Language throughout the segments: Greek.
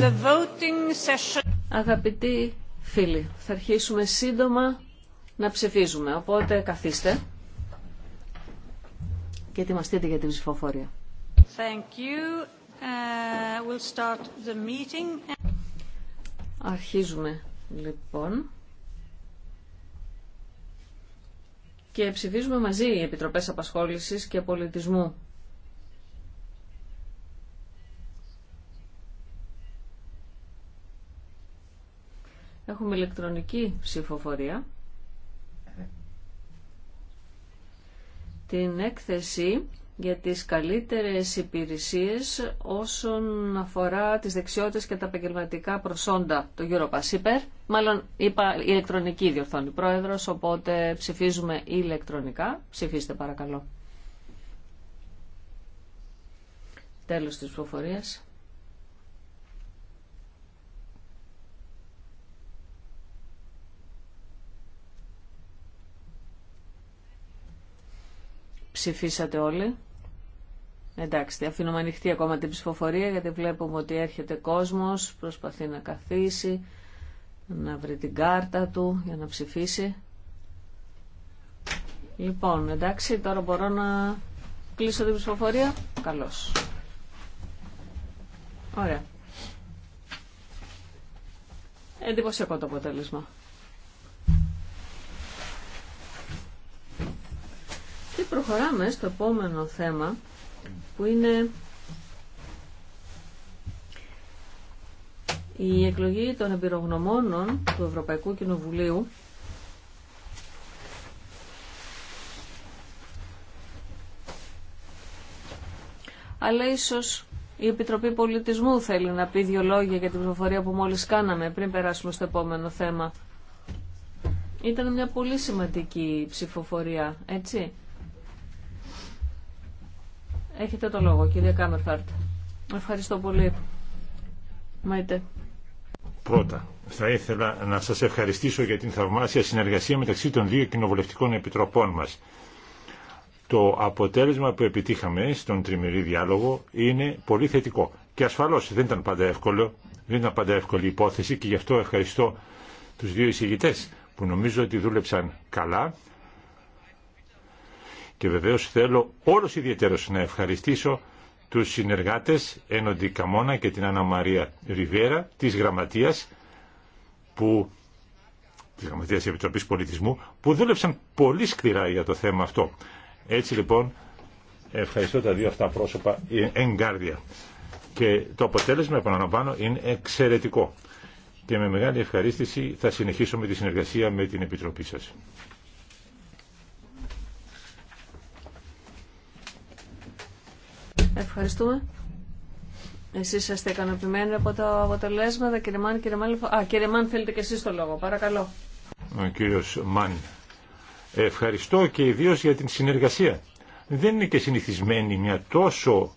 Uh, Αγαπητοί φίλοι, θα αρχίσουμε σύντομα να ψηφίζουμε, οπότε καθίστε και ετοιμαστείτε για την ψηφοφορία. Thank you. Uh, Αρχίζουμε λοιπόν. Και ψηφίζουμε μαζί οι Επιτροπές Απασχόλησης και Πολιτισμού Έχουμε ηλεκτρονική ψηφοφορία. Την έκθεση για τις καλύτερες υπηρεσίες όσον αφορά τις δεξιότητες και τα επαγγελματικά προσόντα του Europa Super. μάλλον είπα ηλεκτρονική διορθώνει πρόεδρος, οπότε ψηφίζουμε ηλεκτρονικά. Ψηφίστε παρακαλώ. Τέλος της ψηφοφορίας. Ψηφίσατε όλοι. Εντάξει, αφήνουμε ανοιχτή ακόμα την ψηφοφορία γιατί βλέπουμε ότι έρχεται κόσμος, προσπαθεί να καθίσει, να βρει την κάρτα του για να ψηφίσει. Λοιπόν, εντάξει, τώρα μπορώ να κλείσω την ψηφοφορία. Καλώς. Ωραία. Εντυπωσιακό το αποτέλεσμα. προχωράμε στο επόμενο θέμα που είναι η εκλογή των εμπειρογνωμόνων του Ευρωπαϊκού Κοινοβουλίου αλλά ίσως η Επιτροπή Πολιτισμού θέλει να πει δύο λόγια για την ψηφοφορία που μόλις κάναμε πριν περάσουμε στο επόμενο θέμα. Ήταν μια πολύ σημαντική ψηφοφορία, έτσι. Έχετε το λόγο, κύριε Κάμερφαρτ. Ευχαριστώ πολύ. Μαϊτέ. Πρώτα, θα ήθελα να σας ευχαριστήσω για την θαυμάσια συνεργασία μεταξύ των δύο κοινοβουλευτικών επιτροπών μας. Το αποτέλεσμα που επιτύχαμε στον τριμερή διάλογο είναι πολύ θετικό. Και ασφαλώς δεν ήταν πάντα εύκολο, δεν ήταν πάντα εύκολη υπόθεση και γι' αυτό ευχαριστώ τους δύο εισηγητές που νομίζω ότι δούλεψαν καλά, και βεβαίω θέλω όλος ιδιαίτερω να ευχαριστήσω τους συνεργάτες Ένοντι Καμώνα και την Άννα Μαρία Ριβέρα της Γραμματείας που της Γραμματείας Επιτροπής Πολιτισμού που δούλεψαν πολύ σκληρά για το θέμα αυτό. Έτσι λοιπόν ευχαριστώ τα δύο αυτά πρόσωπα εγκάρδια. Και το αποτέλεσμα, επαναλαμβάνω, είναι εξαιρετικό. Και με μεγάλη ευχαρίστηση θα συνεχίσω με τη συνεργασία με την Επιτροπή σας. Ευχαριστούμε. Εσεί είστε ικανοποιημένοι από τα αποτελέσματα, κύριε Μάν, κύριε λοιπόν- Α, κύριε θέλετε και εσεί το λόγο. Παρακαλώ. Ο κύριο Μάν. Ευχαριστώ και ιδίω για την συνεργασία. Δεν είναι και συνηθισμένη μια τόσο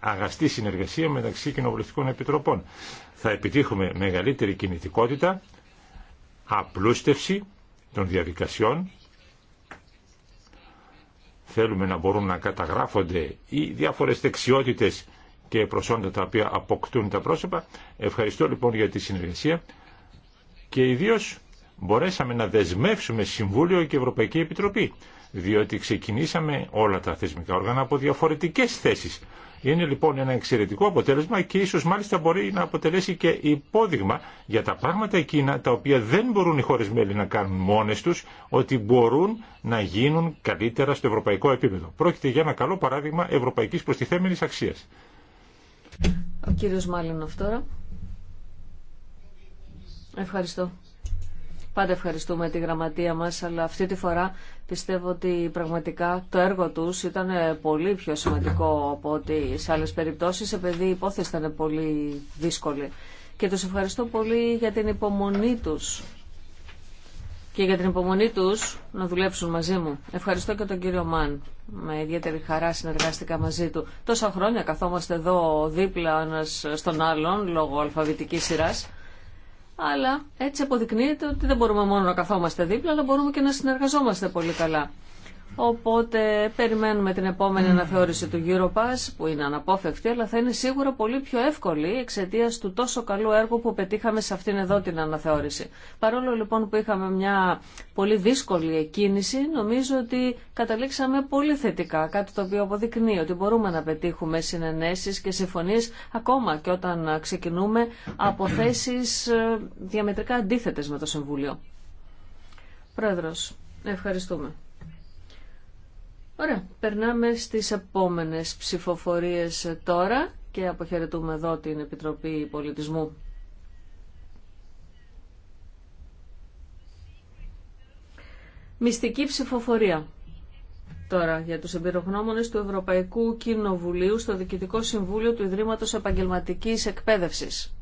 αγαστή συνεργασία μεταξύ κοινοβουλευτικών επιτροπών. Θα επιτύχουμε μεγαλύτερη κινητικότητα, απλούστευση των διαδικασιών Θέλουμε να μπορούν να καταγράφονται οι διάφορες δεξιότητε και προσόντα τα οποία αποκτούν τα πρόσωπα. Ευχαριστώ λοιπόν για τη συνεργασία και ιδίως μπορέσαμε να δεσμεύσουμε Συμβούλιο και Ευρωπαϊκή Επιτροπή διότι ξεκινήσαμε όλα τα θεσμικά όργανα από διαφορετικές θέσεις. Είναι λοιπόν ένα εξαιρετικό αποτέλεσμα και ίσως μάλιστα μπορεί να αποτελέσει και υπόδειγμα για τα πράγματα εκείνα τα οποία δεν μπορούν οι χώρες μέλη να κάνουν μόνες τους, ότι μπορούν να γίνουν καλύτερα στο ευρωπαϊκό επίπεδο. Πρόκειται για ένα καλό παράδειγμα ευρωπαϊκής προστιθέμενης αξίας. Ο κύριος Μάλινοφ τώρα. Ευχαριστώ. Πάντα ευχαριστούμε τη γραμματεία μας, αλλά αυτή τη φορά πιστεύω ότι πραγματικά το έργο τους ήταν πολύ πιο σημαντικό από ό,τι σε άλλες περιπτώσεις, επειδή η υπόθεση ήταν πολύ δύσκολη. Και τους ευχαριστώ πολύ για την υπομονή τους και για την υπομονή τους να δουλέψουν μαζί μου. Ευχαριστώ και τον κύριο Μαν. Με ιδιαίτερη χαρά συνεργάστηκα μαζί του. Τόσα χρόνια καθόμαστε εδώ δίπλα ένας στον άλλον λόγω αλφαβητικής σειράς αλλά έτσι αποδεικνύεται ότι δεν μπορούμε μόνο να καθόμαστε δίπλα, αλλά μπορούμε και να συνεργαζόμαστε πολύ καλά. Οπότε περιμένουμε την επόμενη αναθεώρηση του Europass που είναι αναπόφευκτη αλλά θα είναι σίγουρα πολύ πιο εύκολη εξαιτία του τόσο καλού έργου που πετύχαμε σε αυτήν εδώ την αναθεώρηση. Παρόλο λοιπόν που είχαμε μια πολύ δύσκολη εκκίνηση νομίζω ότι καταλήξαμε πολύ θετικά κάτι το οποίο αποδεικνύει ότι μπορούμε να πετύχουμε συνενέσεις και συμφωνίες ακόμα και όταν ξεκινούμε από θέσεις ε, διαμετρικά αντίθετες με το Συμβούλιο. Πρόεδρος, ευχαριστούμε. Ωραία, περνάμε στις επόμενες ψηφοφορίες τώρα και αποχαιρετούμε εδώ την Επιτροπή Πολιτισμού. Μυστική ψηφοφορία. Τώρα, για τους εμπειρογνώμονες του Ευρωπαϊκού Κοινοβουλίου στο Διοικητικό Συμβούλιο του Ιδρύματος Επαγγελματικής Εκπαίδευσης.